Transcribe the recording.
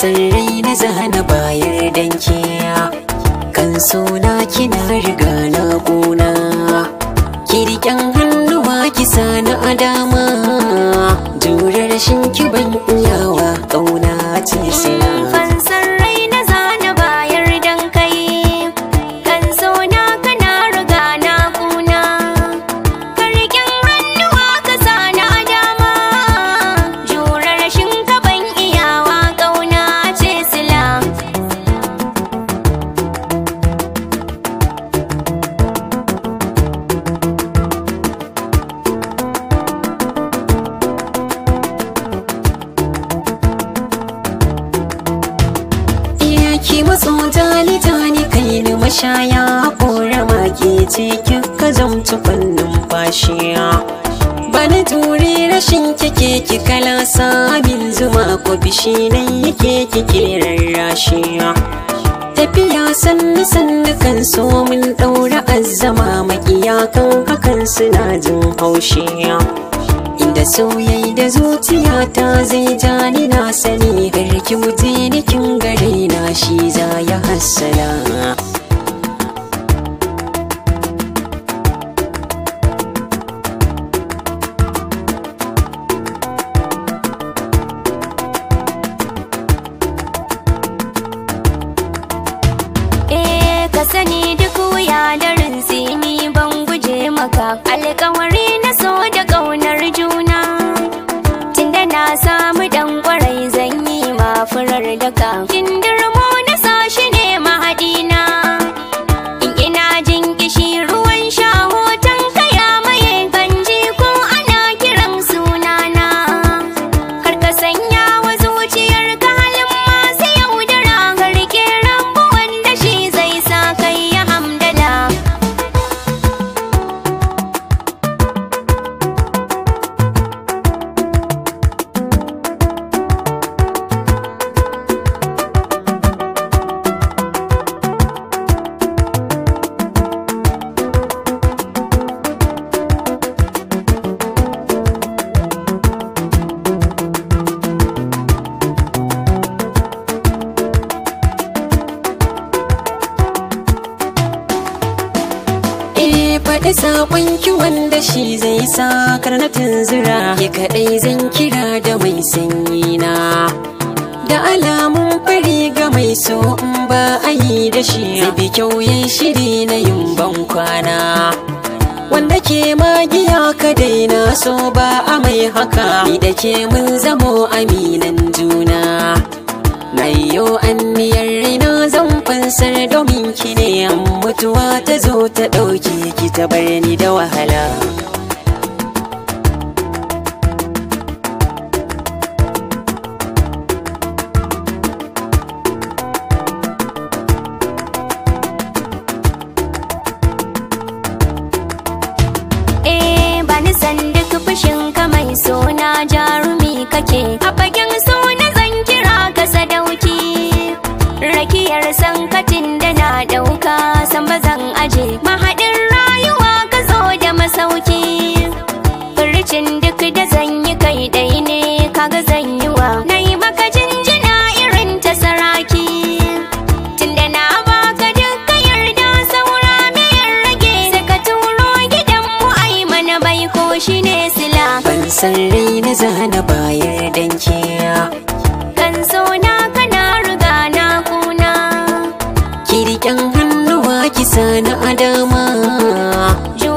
sirri na zana bayar dankeya. kan suna kina riga na gona kirken hannuwa kisa na adama jure rashin ki ban ki matso tani tani kai ni mashaya korama ke ce ki ka zamci fannin fashiya bani ture rashin kike ki kala sabin zuma ko bishi nan yake kike rarrashiya tafiya sannu sannu kan so mun daura azzama makiya kan hakan suna jin haushiya inda sauyayi da zuciya ta zai jani na sani garki wuce gare na shi za ya hassala eh, ka sani duk wuya da rinsini, ban guje maka alkawari saka. Kin faɗi saƙon ki wanda shi zai sa karnatin zira ya kaɗai zan kira da mai sanyi na da alamun fari ga mai so in ba a yi da shi bi kyau ya shiri na yin ban kwana wanda ke magiya ka daina so ba a mai haka ni da ke mun zamo aminan juna mai yo an miyar rina ansar domin ki ne mutuwa ta zo ta ɗauke ki ta bar ni da wahala Eh bani sanda fushin ka mai suna jarumi kake a bakin Yarsan katin da na ɗauka san bazan aje mahaɗin rayuwa ka zo da masauki furcin duk da zan yi kai ɗai ne kaga zan yi wa na yi maka jinjina irin ta saraki tunda na baka duka yarda saura miyar rage sai turo gidan mu ai mana baiko shine sila ban san rai na zana bayar danki ta adama